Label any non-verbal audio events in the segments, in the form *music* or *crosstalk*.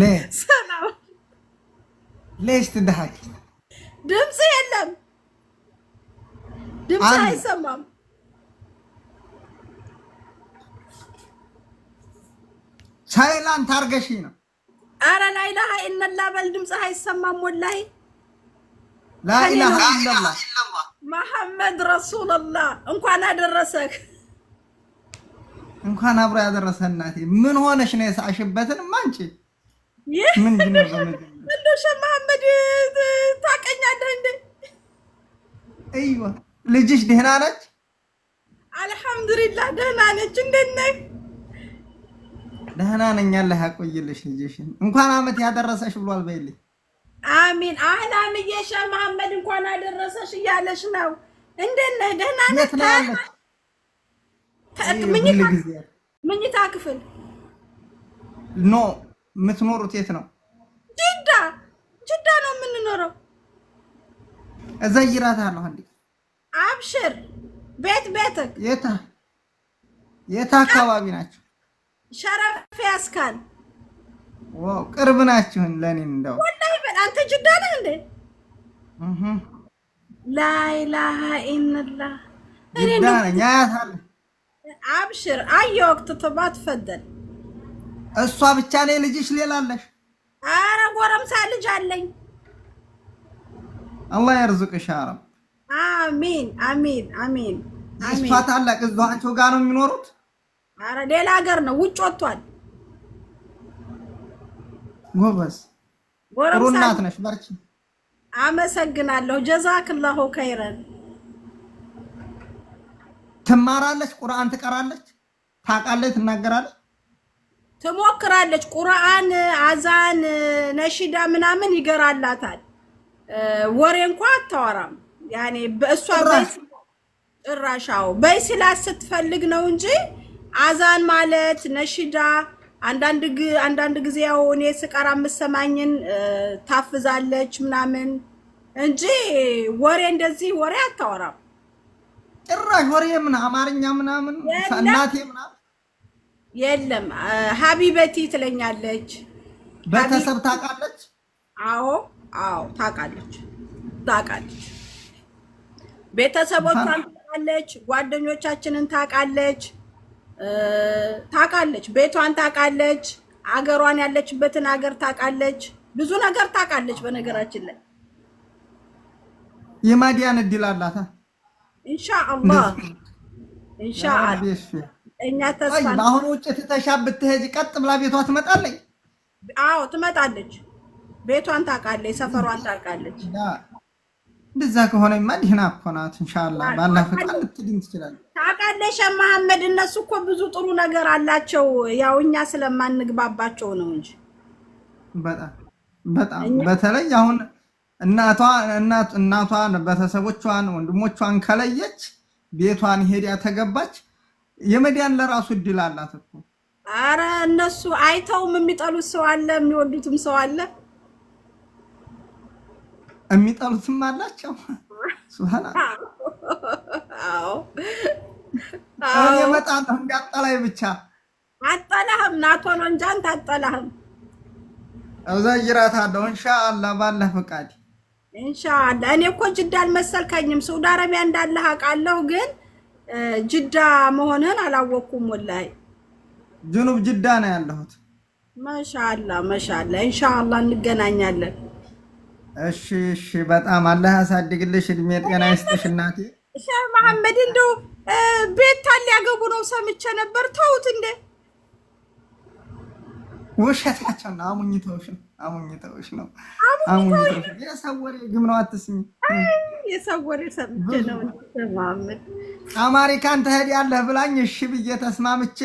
ለሽ ትድሃቂ ድምፅ የለም፣ ድምፅ አይሰማም። ሳይላንት አርገሽ ነው። አረ ላይላሀ ኢለላ በል። ድምፅ አይሰማም። ወላሂ ላይላሀ ኢለላ መሐመድ ረሱልላህ። እንኳን አደረሰህ። እንኳን አብሮ ያደረሰ እናቴ። ምን ሆነሽ ነው? የሳቅሽበትን ማንጭ ምን መሐመድ ታውቀኛለህ እንዴ? ልጅሽ ደህና ነች? አልሐምዱሊላህ ደህና ነች። እንዴት ነህ? ደህና ነኝ። ያቆይልሽ ልጅሽን። እንኳን አመት ያደረሰሽ ብሏል በይልኝ። አሚን። አላምዬ ሸህ መሐመድ እንኳን አደረሰሽ እያለሽ ነው። እንዴት ነህ? ደህና ነህ? ምኝታ ክፍል ኖ የምትኖሩት የት ነው? ጅዳ ጅዳ ነው የምንኖረው። እዛ ይራታለሁ። እንዴ አብሽር። ቤት ቤት የታ የታ አካባቢ ናቸው? ሸረፍ ያስካል። ዋው ቅርብ ናችሁን ለኔ። እንደው ወላሂ በል አንተ ጅዳ ነህ እንዴ? እህ ላኢላሃ ጅዳ ነኝ። አያታለሁ። አብሽር። አየሁ ወቅት ተባት ፈደል እሷ ብቻ ነኝ ልጅሽ? ሌላ አለሽ? አረ ጎረምሳ ልጅ አለኝ። አላህ ያርዝቅሽ። አረ አሚን አሚን አሚን። እሷ ታላቅ እዚሁ ጋር ነው የሚኖሩት? አረ ሌላ ሀገር ነው፣ ውጭ ወጥቷል። ጎበዝ ጥሩ እናት ነሽ፣ በርቺ። አመሰግናለሁ። ጀዛክላሁ ከይረን። ትማራለች፣ ቁርአን ትቀራለች፣ ታውቃለች፣ ትናገራለች ትሞክራለች። ቁርአን፣ አዛን፣ ነሽዳ ምናምን ይገራላታል። ወሬ እንኳ አታወራም። ያኔ በእሷ ቤት ጭራሻው በይስላ ስትፈልግ ነው እንጂ አዛን ማለት ነሽዳ አንዳንድ ጊዜ ያው እኔ ስቀራ የምሰማኝን ታፍዛለች ምናምን እንጂ ወሬ እንደዚህ ወሬ አታወራም ጭራሽ። ወሬ ምን አማርኛ ምናምን እናቴ ምናምን የለም ሀቢበቲ ትለኛለች። ቤተሰብ ታውቃለች። አዎ አዎ፣ ታውቃለች ታውቃለች። ቤተሰቦቿን ታውቃለች፣ ጓደኞቻችንን ታውቃለች ታውቃለች፣ ቤቷን ታውቃለች፣ አገሯን ያለችበትን አገር ታውቃለች፣ ብዙ ነገር ታውቃለች። በነገራችን ላይ የማዲያን እድል አላት። ኢንሻአላህ ኢንሻአላህ እኛ ተስፋ አሁን ውጭ ትተሻ ብትሄጂ ቀጥ ብላ ቤቷ ትመጣለች። አዎ ትመጣለች። ቤቷን ታውቃለች፣ ሰፈሯን ታውቃለች። እንደዛ ከሆነ ማ እኮ ናት። ልትድን ትችላለች። ታውቃለሽ መሐመድ፣ እነሱ እኮ ብዙ ጥሩ ነገር አላቸው። ያው እኛ ስለማንግባባቸው ነው እንጂ በጣም በጣም በተለይ አሁን እናቷ እናቷን ቤተሰቦቿን ወንድሞቿን ከለየች ቤቷን ሄዳ ተገባች የመዲያን ለራሱ እድል አላት እኮ። አረ እነሱ አይተውም። የሚጠሉት ሰው አለ፣ የሚወዱትም ሰው አለ። የሚጠሉትም አላቸው። ሱሃና አዎ፣ አዎ። እመጣለሁ እንዳጠላኝ ብቻ። አጠላህም ናቶን ወንጃን ታጠላህም እዛ እጅራታለሁ። ኢንሻአላህ ባለ ፈቃድ ኢንሻአላህ። እኔ እኮ ጅዳ አልመሰልከኝም። ሳውዲ አረቢያ እንዳለህ አውቃለሁ ግን ጅዳ መሆንህን አላወቅኩም። ወላሂ ጅኑብ ጅዳ ነው ያለሁት። መሻላ መሻላ፣ እንገናኛለን። እሺ እሺ፣ በጣም አላህ ያሳድግልሽ፣ እድሜ ጤና ይስጥሽ እናቴ። መሐመድ እንደው ነው ሰምቼ ነበር። ተውት እንዴ! ውሸታቸው ነው። አሙኝተውሽ ነው አሙኝታዎች ነው የሰወሬ ግም ነው። አትስሚ የሰወሬ ሰምቼ ነው ማምድ አማሪካን ትሄዳለህ ብላኝ እሺ ብዬ ተስማምቼ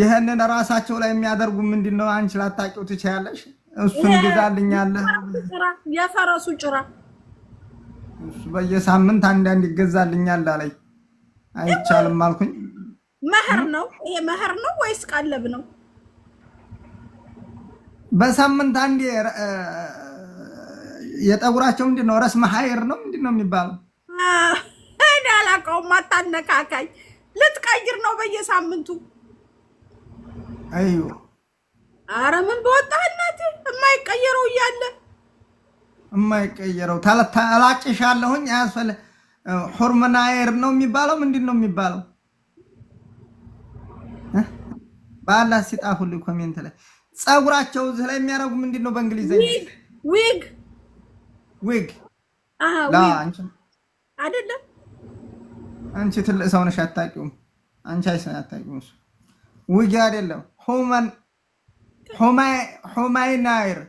ይህንን ራሳቸው ላይ የሚያደርጉ ምንድን ነው? አንቺ ላታውቂው ትችያለሽ። እሱን ግዛልኛለህ። የፈረሱ ጭራ እሱ በየሳምንት አንዳንድ ይገዛልኛል አለኝ። አይቻልም አልኩኝ። መህር ነው ይሄ መህር ነው ወይስ ቀለብ ነው? በሳምንት አንድ የጠጉራቸው ምንድን ነው? ረስ መሀይር ነው ምንድን ነው የሚባለው? እኔ አላውቀውም። አታነካካኝ። ልትቀይር ነው በየሳምንቱ። አዩ አረ ምን በወጣህነት የማይቀየረው እያለ የማይቀየረው ታላጭሻለሁኝ። አያስፈለ ሁርምናየር ነው የሚባለው ምንድን ነው የሚባለው? በአላ ሲጣፉልኝ ኮሜንት ላይ ጸጉራቸው እዚህ ላይ የሚያደርጉ ምንድን ነው በእንግሊዝኛ ዊግ ዊግ አይደለም። አንቺ ትልቅ ሰው ነሽ አታውቂውም። አንቺ አይሰ አታውቂውም። እሱ ዊግ አይደለም። ሁማን ሁማይናይር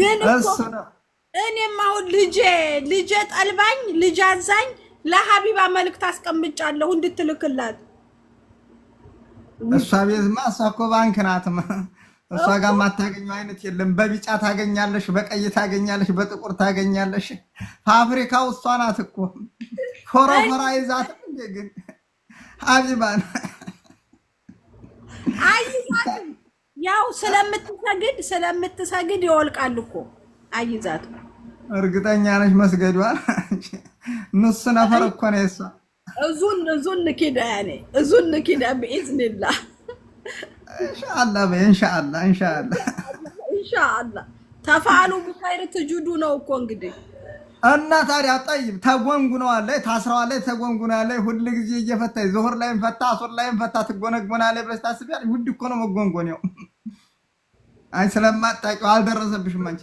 ግን እሱ ነው። እኔም አሁን ልጄ ልጄ ጠልባኝ ልጅ አዛኝ ለሀቢባ መልእክት አስቀምጫለሁ እንድትልክላት እሷ ቤትማ እሷ እኮ ባንክ ናት። እሷ ጋር ማታገኘው አይነት የለም። በቢጫ ታገኛለሽ፣ በቀይ ታገኛለሽ፣ በጥቁር ታገኛለሽ። ፋብሪካው እሷ ናት እኮ ኮረኮራ ይዛት እንዴ ግን አቢባን አይዛትም። ያው ስለምትሰግድ ስለምትሰግድ ይወልቃል እኮ አይዛትም። እርግጠኛ ነሽ መስገዷ? ንሱ ነፈር እኮ ነው የእሷ እዙን እዙን ንኪዳ ያኔ እዙን ንኪዳ ብኢዝኒላህ እንሻአላ በይ እንሻአላ እንሻአላ ተፋሉ ብኸይር ትጁዱ ነው እኮ እንግዲህ እና ታዲያ ጠይብ ተጎንጉነዋለች፣ ታስረዋለች፣ ተጎንጉናለች። ሁል ጊዜ እየፈታ ዙሁር ላይም ፈታ፣ አሱር ላይም ፈታ፣ ትጎነጎናለች ብለሽ ታስቢያለሽ? ውድ እኮ ነው መጎንጎን። አይ ስለማታውቂው አልደረሰብሽም አንቺ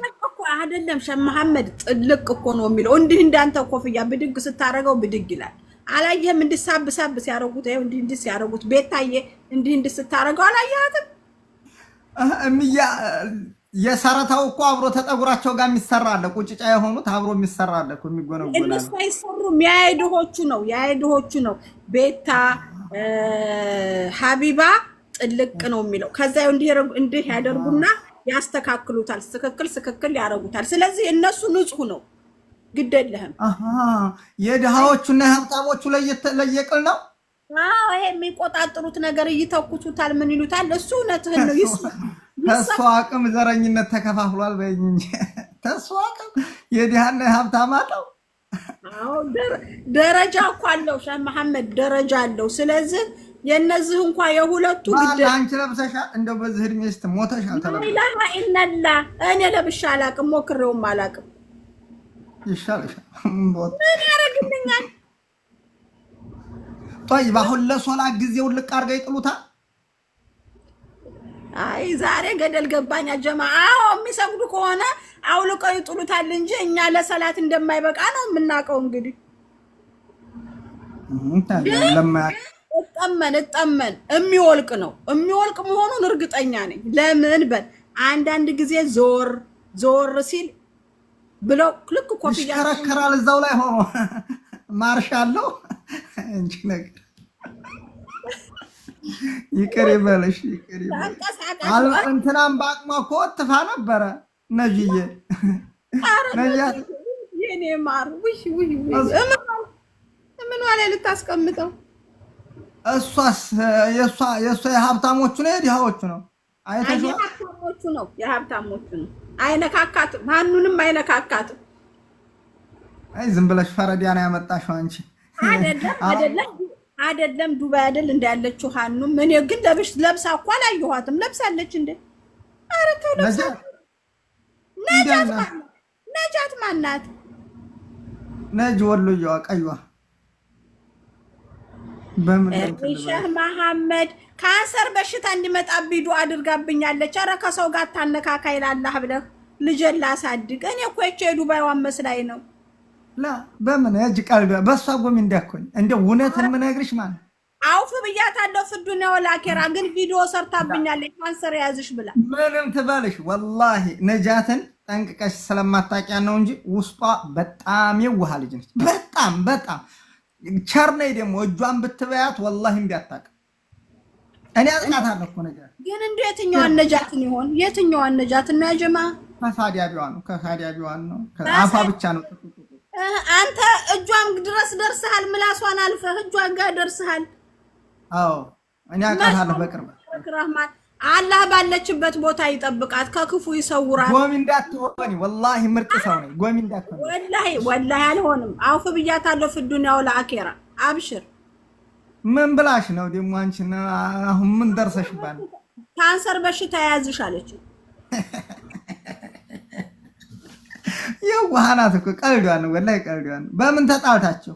አይደለም ሸህ መሐመድ ጥልቅ እኮ ነው የሚለው እንዲህ እንዳንተ ኮፍያ ብድግ ስታደርገው ብድግ ይላል። አላየህም? እንድሳብ ሳብ ሲያረጉት ይኸው እንዲህ እንዲህ ሲያረጉት ቤታዬ እንዲህ እንዲህ ስታረገው አላየሃትም? እምያ የሰረታው እኮ አብሮ ተጠጉራቸው ጋር የሚሰራ አለ። ቁጭጫ የሆኑት አብሮ የሚሰራ አለ እኮ የሚጎነጎናል። እነሱ አይሰሩም። የአይድሆቹ ነው የአይድሆቹ ነው። ቤታ ሀቢባ ጥልቅ ነው የሚለው። ከዛ እንዲህ ያደርጉና ያስተካክሉታል። ስክክል ስክክል ያረጉታል። ስለዚህ እነሱ ንጹህ ነው። ግድ የለህም። የድሃዎቹና የሀብታሞቹ ለየቅል ነው። አዎ ይሄ የሚቆጣጥሩት ነገር እይተኩቱታል። ምን ይሉታል? እሱ እውነትህን ነው። ይስ ተስፋ አቅም ዘረኝነት ተከፋፍሏል በይኝ እንጂ ተስፋ አቅም የድሃና የሀብታም አለው። ደረጃ እኮ አለው ሸህ መሐመድ ደረጃ አለው። ስለዚህ የእነዚህ እንኳ የሁለቱ አንቺ ለብሰሻ እንደ በዚህ እድሜ ስት ስትሞተሻል። ተለላ ኢነላ እኔ ለብሻ አላቅም፣ ሞክሬውም አላቅም። ይሻልሻል። ምን አሁን ለሶላት ጊዜውን ልቅ አድርጋ ይጥሉታል። አይ ዛሬ ገደል ገባኛ ጀማ። አዎ የሚሰግዱ ከሆነ አውልቀው ይጥሉታል እንጂ እኛ ለሰላት እንደማይበቃ ነው የምናውቀው። እንግዲህ እጠመን እጠመን የሚወልቅ ነው የሚወልቅ መሆኑን እርግጠኛ ነኝ። ለምን በል አንዳንድ ጊዜ ዞር ዞር ሲል ብለው ልክ ኮፒ ይሽከረከራል እዛው ላይ ሆኖ ማርሻ አለው እንጂ ነገር ይቅር ይበለሽ ይቅር ይበልሽ። እንትናም በአቅሟ እኮ ወጥፋ ነበረ ነጅዬ የኔ ማር ምን ውይ ላይ ልታስቀምጠው? እሷስ የእሷ የሀብታሞቹ ነው የድሃዎቹ ነው? አይ የሀብታሞቹ ነው የሀብታሞቹ ነው። አይነካካትም፣ ማኑንም አይነካካትም። አይ ዝም ብለሽ ፈረዲያን ያመጣሽው አንቺ አይደለም አይደለም ዱባይ አይደል ሀኑ እኔ ግን ለብሽ ለብሳ እኮ አላየኋትም። ለብሳለች እንዴ? ተው ለብሳ። ነጃት ማናት? ነጃት ማናት? ነጅ ወሎየዋ ቀይዋ በምን ሸህ መሐመድ ካንሰር በሽታ እንዲመጣብኝ ዱአ አድርጋብኛለች። ኧረ ከሰው ጋር ታነካካ ይላላህ ብለህ ልጄን ላሳድግ። እኔ እኮ ይቼ የዱባይዋን መስላኝ ነው። ላ በምን እጅ ቃል በእሷ ጎሚ እንዳኮኝ እንደ እውነት የምነግርሽ ማለት አውፍ ብያታለሁ። ፍዱን ወላኬራ ግን ቪዲዮ ሰርታብኛለች ካንሰር የያዝሽ ብላ ምንም ትበልሽ። ወላሂ ነጃትን ጠንቅቀሽ ስለማታውቂያ ነው እንጂ ውስጧ በጣም የዋህ ልጅ ነች። በጣም በጣም ቸርነይ ደግሞ እጇን ብትበያት ወላሂ እምቢ አታውቅም። እኔ አጽናታለሁ እኮ ነገር ግን እንደ የትኛዋን ነጃትን ይሆን የትኛዋን ነጃትን ነው ያጀማ? ከሳዲያቢዋ ነው ከሳዲያቢዋ ነው አፏ ብቻ ነው። አንተ እጇን ድረስ ደርሰሃል፣ ምላሷን አልፈህ እጇን ጋር ደርሰሃል። አዎ እኔ አውቃታለሁ በቅርብ ረህማን አላህ ባለችበት ቦታ ይጠብቃት፣ ከክፉ ይሰውራል። ጎሚ እንዳትሆን ወላሂ ምርጥ ሰው ነኝ። ጎሚ እንዳትሆን ወላሂ ወላሂ አልሆንም። አውፍ ብያታለሁ። ፊ ዱንያ አብሽር ምን ብላሽ ነው ደግሞ አንቺን? አሁን ምን ደርሰሽባል? ካንሰር በሽታ የያዝሽ አለችው። የዋህናት እኮ ቀልዷን፣ ወላሂ ቀልዷን። በምን ተጣልታቸው?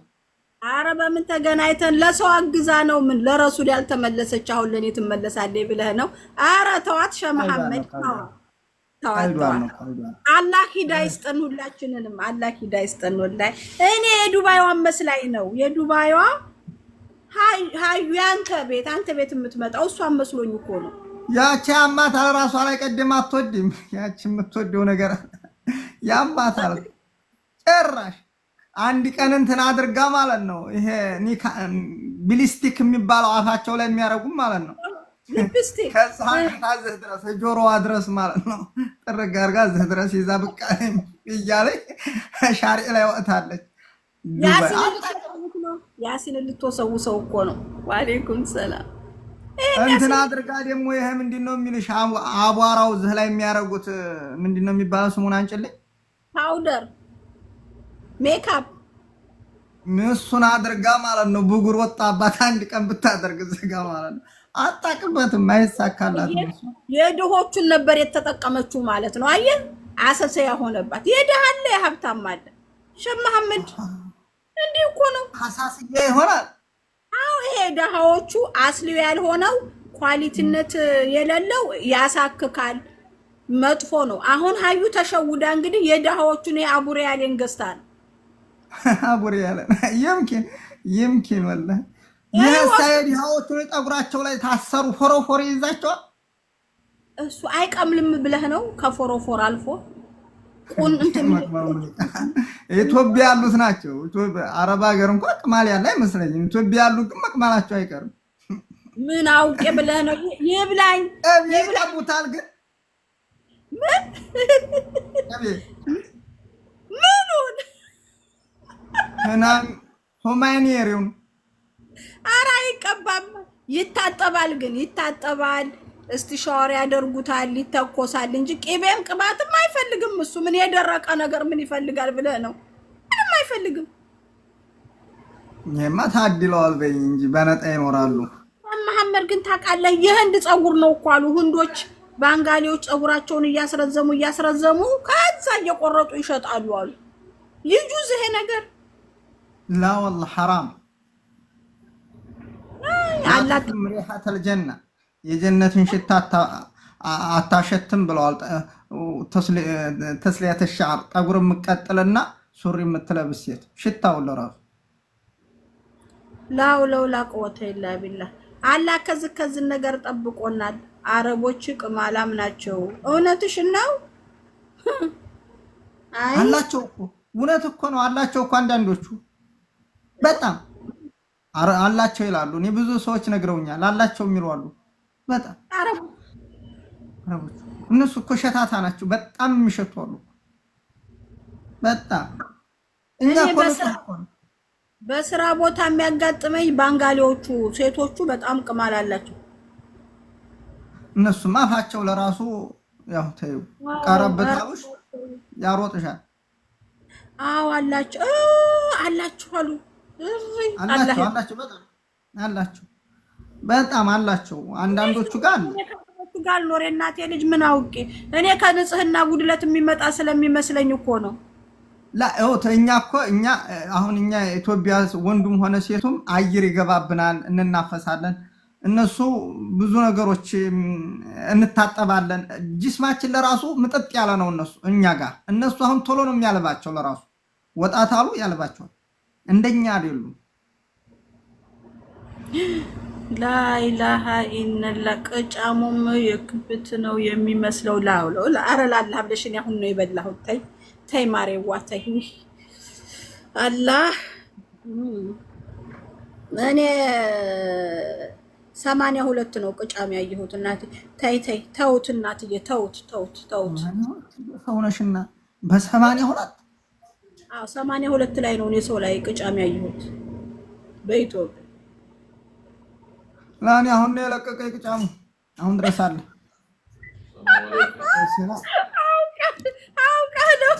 አረ በምን ተገናኝተን ለሰው አግዛ ነው። ምን ለረሱል ያልተመለሰች አሁን ለእኔ ትመለሳለች ብለህ ነው? አረ ተዋት ሸመሐመድ አላህ ሂዳ ይስጠን፣ ሁላችንንም አላህ ሂዳ ይስጠን። ወላሂ እኔ የዱባይዋ መስላኝ ነው የዱባይዋ ሀዩ ያንተ ቤት አንተ ቤት የምትመጣው እሷን መስሎኝ እኮ ነው። ያቺ ያማታል፣ ራሷ ላይ ቀድም አትወድም። ያቺ የምትወደው ነገር ያማታል። ጭራሽ አንድ ቀን እንትን አድርጋ ማለት ነው። ይሄ ቢሊስቲክ የሚባለው አፋቸው ላይ የሚያደርጉም ማለት ነው። ከዛ ድረስ ጆሮዋ ድረስ ማለት ነው። ጥርግ አድርጋ እዚህ ድረስ ይዛ ብቃ እያለች ሻሪ ላይ ወጥታለች። ያሲን ልትወሰው ሰው እኮ ነው። ዋሌኩም ሰላም እንትን አድርጋ ደግሞ ይሄ ምንድን ነው የሚልሽ? አቧራው እዚህ ላይ የሚያደርጉት ምንድን ነው የሚባለው? ስሙን አንጭልኝ። ፓውደር ሜካፕ እሱን አድርጋ ማለት ነው። ብጉር ወጣባት አንድ ቀን ብታደርግ ዝጋ ማለት ነው። አጣቅበትም አይሳካላት። የድሆቹን ነበር የተጠቀመችው ማለት ነው። አየህ አሰሰ ያሆነባት የድሃለ የሀብታም አለ ሸመሐመድ እንዲህ እኮ ነው ይሆናል። አዎ ይሄ ድሃዎቹ አስሊው ያልሆነው ኳሊቲነት የሌለው ያሳክካል፣ መጥፎ ነው። አሁን ሀዩ ተሸውዳ እንግዲህ የድሃዎቹን የአቡሬ *laughs* አቡሬ ያለ *laughs* የምኪን ድሃዎቹን ጠጉራቸው ላይ ታሰሩ ፎሮፎር ይዛቸዋል። እሱ አይቀምልም ብለህ ነው ከፎሮፎር አልፎ ኢትዮጵያ ያሉት ናቸው። አረብ ሀገር እንኳ ቅማል ያለ አይመስለኝም። ኢትዮጵያ ያሉት ግን መቅማላቸው አይቀርም። ምን አውቄ ብለህ ነው? ይብላኝ ይብላቡታል። ግን ምኑን አራ ይቀባም፣ ይታጠባል። ግን ይታጠባል እስቲ ሻወር ያደርጉታል፣ ይተኮሳል እንጂ ቂቤም ቅባትም አይፈልግም። እሱ ምን የደረቀ ነገር ምን ይፈልጋል ብለህ ነው? ምንም አይፈልግም። ይሄማ ታድለዋል በይ እንጂ በነጣ ይኖራሉ። መሐመድ ግን ታውቃለህ፣ የህንድ ፀጉር ነው እኮ አሉ ህንዶች። ባንጋሊዎች ፀጉራቸውን እያስረዘሙ እያስረዘሙ ከዛ እየቆረጡ ይሸጣሉ አሉ። ይጁዝ ይሄ ነገር ላ ወላሂ ሐራም አላትም ሪሐተል ጀና የጀነትን ሽታ አታሸትም ብለዋል። ተስሊያ ተሻር ጠጉር የምቀጥልና ሱሪ የምትለብስ ሴት ሽታው ለራሱ ለው ላቆተ ይላ ቢላ አላ ከዚ ከዚ ነገር ጠብቆናል። አረቦች ቅማላም ናቸው። እውነትሽ ነው *laughs* አላቸው እኮ እውነት እኮ ነው አላቸው እኮ አንዳንዶቹ በጣም አላቸው ይላሉ። እኔ ብዙ ሰዎች ነግረውኛል አላቸው የሚሉ አሉ። በጣም አረቦች እነሱ እኮ ሸታታ ናቸው። በጣም የሚሸቱ አሉ። በጣም በስራ ቦታ የሚያጋጥመኝ ባንጋሌዎቹ ሴቶቹ በጣም ቅማል አላቸው። እነሱም አፋቸው ለራሱ ያው ተዩ ቀረበታሉሽ ያሮጥሻል። አዎ አላቸው አላችሁ አሉ አላችሁ በጣም አላቸው። አንዳንዶቹ ጋር ጋር ኖር እናቴ ልጅ ምን አውቄ እኔ ከንጽህና ጉድለት የሚመጣ ስለሚመስለኝ እኮ ነው። እኛ እኮ እኛ አሁን እኛ ኢትዮጵያ ወንዱም ሆነ ሴቱም አየር ይገባብናል፣ እንናፈሳለን። እነሱ ብዙ ነገሮች እንታጠባለን። ጅስማችን ለራሱ ምጥጥ ያለ ነው። እነሱ እኛ ጋር እነሱ አሁን ቶሎ ነው የሚያልባቸው፣ ለራሱ ወጣት አሉ ያልባቸዋል። እንደኛ አይደሉም። ላይላሃ ኢነላ ቅጫሙም የክብት ነው የሚመስለው። ላውለው አረ ላላ ብለሽን አሁን ነው የበላሁት። ተይ ተይ፣ ማሬዋ ተይ። አላህ እኔ ሰማንያ ሁለት ነው ቅጫም ያየሁት። እናት ተይ ተይ፣ ተውት እናትዬ፣ ተውት ተውት ተውት። ሰውነሽና በሰማንያ ሁለት ሰማንያ ሁለት ላይ ነው እኔ ሰው ላይ ቅጫም ያየሁት በኢትዮጵያ ለእኔ አሁን ነው የለቀቀ ቅጫሙ አሁን ድረስ አለ አውቃ ነው